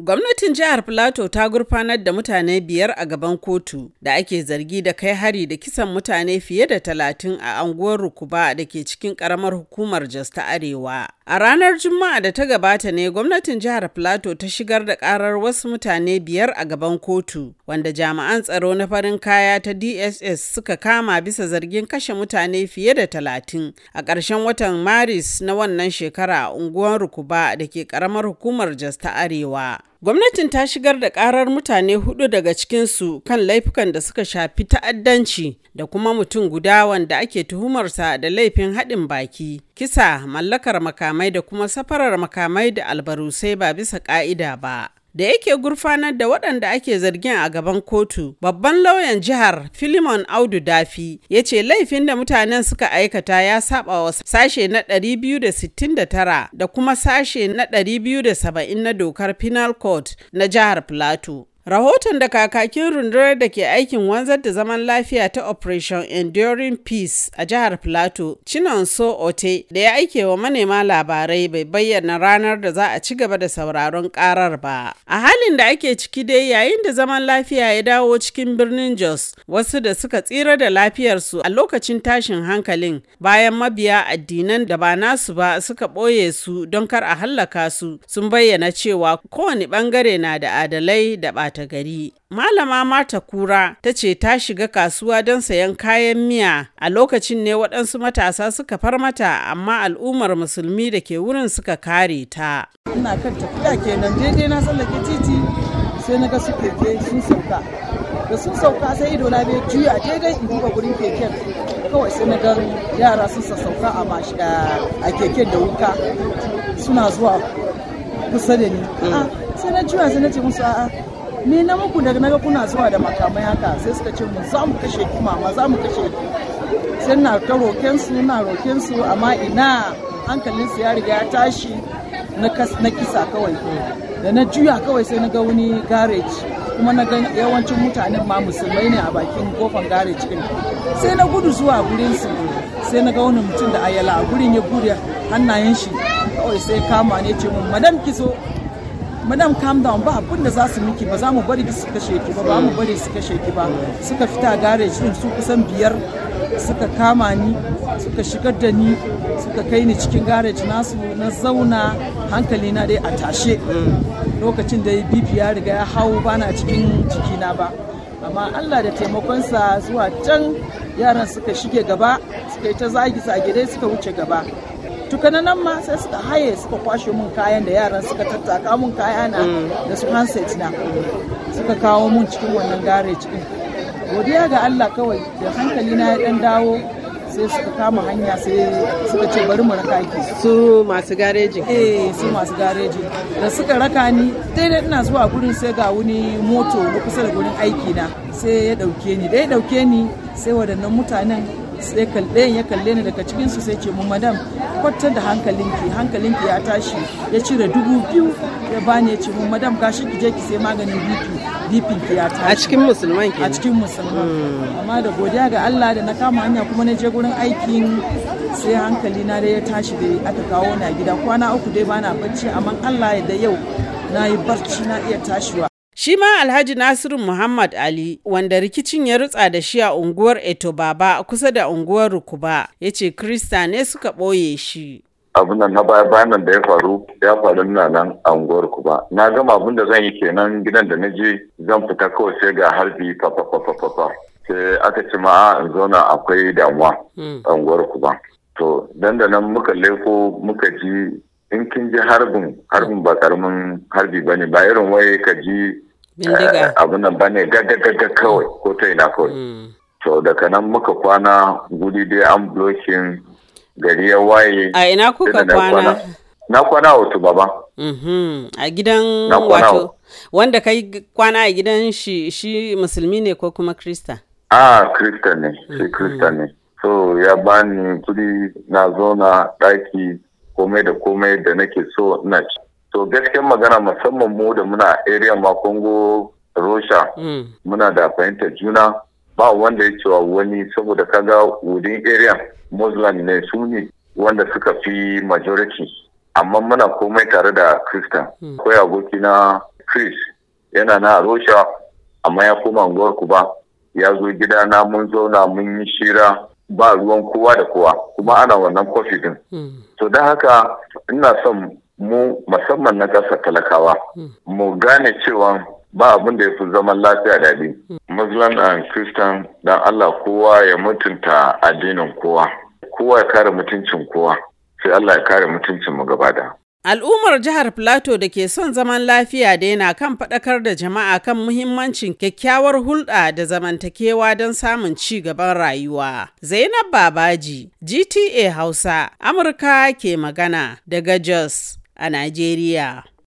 Gwamnatin jihar Filato ta gurfanar da mutane biyar a gaban kotu da ake zargi da kai hari da kisan mutane fiye da talatin a anguwar Rukuba da ke cikin karamar hukumar Jos ta Arewa. A ranar Juma'a da ta gabata ne gwamnatin jihar Filato ta shigar da karar wasu mutane biyar a gaban kotu wanda jami'an tsaro na farin kaya ta DSS suka kama bisa zargin kashe mutane fiye da talatin a ƙarshen watan Maris na wannan shekara a unguwar Rukuba da ke karamar hukumar Jos ta Arewa. Gwamnatin ta shigar da karar mutane hudu daga cikinsu kan laifukan da suka shafi ta'addanci da kuma mutum guda wanda ake tuhumarsa da laifin haɗin baki, kisa, mallakar makamai da kuma safarar makamai da albarusai ba bisa ƙa'ida ba. da yake gurfanar da waɗanda ake zargin a gaban kotu babban lauyan jihar filimon audu dafi ya ce laifin da mutanen suka aikata ya saba wa sashe na 269 da kuma sashe na 270 na dokar penal court na jihar plateau Rahoton da kakakin rundunar da ke aikin wanzar da zaman lafiya ta Operation Enduring Peace a jihar Plateau, Chinonso Ote, da ya aike wa manema labarai bai bayyana ranar da za a ci gaba da sauraron karar ba. A halin da ake ciki dai yayin da zaman lafiya ya dawo cikin birnin Jos, wasu da suka tsira da lafiyarsu a lokacin tashin hankalin bayan mabiya addinan da ba nasu ba suka ɓoye su don kar a hallaka su, sun bayyana cewa kowane bangare na da adalai da ta gari. Malama Mata Kura ta ce ta shiga kasuwa don sayan kayan miya a lokacin ne waɗansu matasa suka far mata amma al'ummar musulmi da ke wurin suka kare ta. Ina kan tafiya kenan daidai na tsallake titi sai na ga su keke sun sauka. Da sun sauka sai ido na bai juya daidai in duba gurin keken kawai sai na ga yara sun sassauka a keken da wuka suna zuwa kusa da ni. Mm. Ah, sai na juya sai na ce musu a'a ni na muku daga naga kuna zuwa da makamai haka sai suka ce mu za mu kashe ki mama za mu kashe ki sai na ta roken su na roken su amma ina hankalin su ya riga ya tashi na kisa kawai da na juya kawai sai na ga wani garage kuma na ga yawancin mutanen ma musulmai ne a bakin kofan garage din sai na gudu zuwa gurin su sai na ga wani mutum da ayala a gurin ya gure hannayen shi kawai sai kama ne ce mun madam ki zo madam calm down ba abin da za su miki ba za mu bari su kashe ki ba ba mu bari su kashe ki ba suka fita garage din su kusan biyar suka kama ni suka shigar da ni suka kai ni cikin garage nasu na zauna hankali na dai a tashe lokacin da bp ya riga ya hau bana cikin na ba amma allah da taimakonsa zuwa can yaran suka shige gaba suka yi ta zagi zage dai suka wuce gaba tukana nan ma sai suka haye suka kwashe mun kayan da yaran suka tattaka mun kaya na mm. da su handset na suka kawo mun cikin wannan gareji cikin godiya ga Allah kawai da hankali na ya dan dawo sai suka kama hanya sai suka ce bari mu raka ki su masu gareji eh su masu gareji da suka raka ni daidai ina zuwa gurin sai ga wani moto kusa da gurin aiki na sai ya dauke ni da ya dauke ni sai waɗannan mutanen sai ɗayan ya kalle ni daga cikinsu sai ce mu madam kwatar da hankalinki hankalinki ya tashi ya cire dubu biyu ya bani ya ce mu madam gashi ki je ki sai maganin bp bp ki ya tashi a cikin musulman ke a cikin musulman hmm. amma da godiya ga Allah da na kama hanya kuma na je gurin aikin sai hankali na da ya tashi dai aka kawo na gida kwana uku dai bana bacci amma Allah ya da yau na yi barci na iya tashiwa Shi ma Alhaji Nasiru Muhammad Ali, wanda rikicin ya rutsa da shi a unguwar Eto Baba, kusa da unguwar Rukuba, ya ce Krista ne suka ɓoye shi. abin na baya bayan da ya faru ya faru na nan a unguwar Rukuba. na gama abin da zan yi kenan gidan da na je zan fita kawai sai ga harbi fafafafafa sai aka ci ma in na akwai damuwa hmm. a unguwar Rukuba. to dan muka leko muka ji in kin ji harbin harbin ba karamin harbi bane ba irin wai ka ji abin eh, nan bane gaggagagga kawai ko ta ina kawai hmm. to daga nan muka kwana guri dai an blokin gari ya waye a ina kuka kwana na kwana wato baba mhm. a gidan wato wanda kai kwana a gidan shi shi musulmi ne ko kuma krista a krista ne shi mhm. krista ne so ya bani kudi na zauna daki komai da komai da nake so ina ci to gaskiyar magana musamman mu da muna area ma kongo rosha mm. muna da fahimtar juna ba wanda ya cewa wani saboda kaga wudin area muslim ne su ne wanda suka fi majority amma muna komai tare da kristan mm. Ko aboki na chris yana na rosha amma ya koma unguwar ba ya zo gida na mun zauna mun yi shira ba ruwan kowa da kowa kuma ana wannan kofi din mm. to da haka ina son mu musamman na ƙasa talakawa hmm. mu gane cewa ba abin da ya fi zaman lafiya daɗi hmm. muslim and christian dan allah kowa ya mutunta addinin kowa kowa ya kare mutuncin kowa sai allah ya kare mutuncin mu gaba da Al'ummar jihar Plateau da ke son zaman lafiya da yana kan faɗakar da jama'a kan muhimmancin kyakkyawar hulɗa da zamantakewa don samun ci gaban rayuwa. Zainab Babaji, GTA Hausa, Amurka ke magana daga Jos. a Najeriya.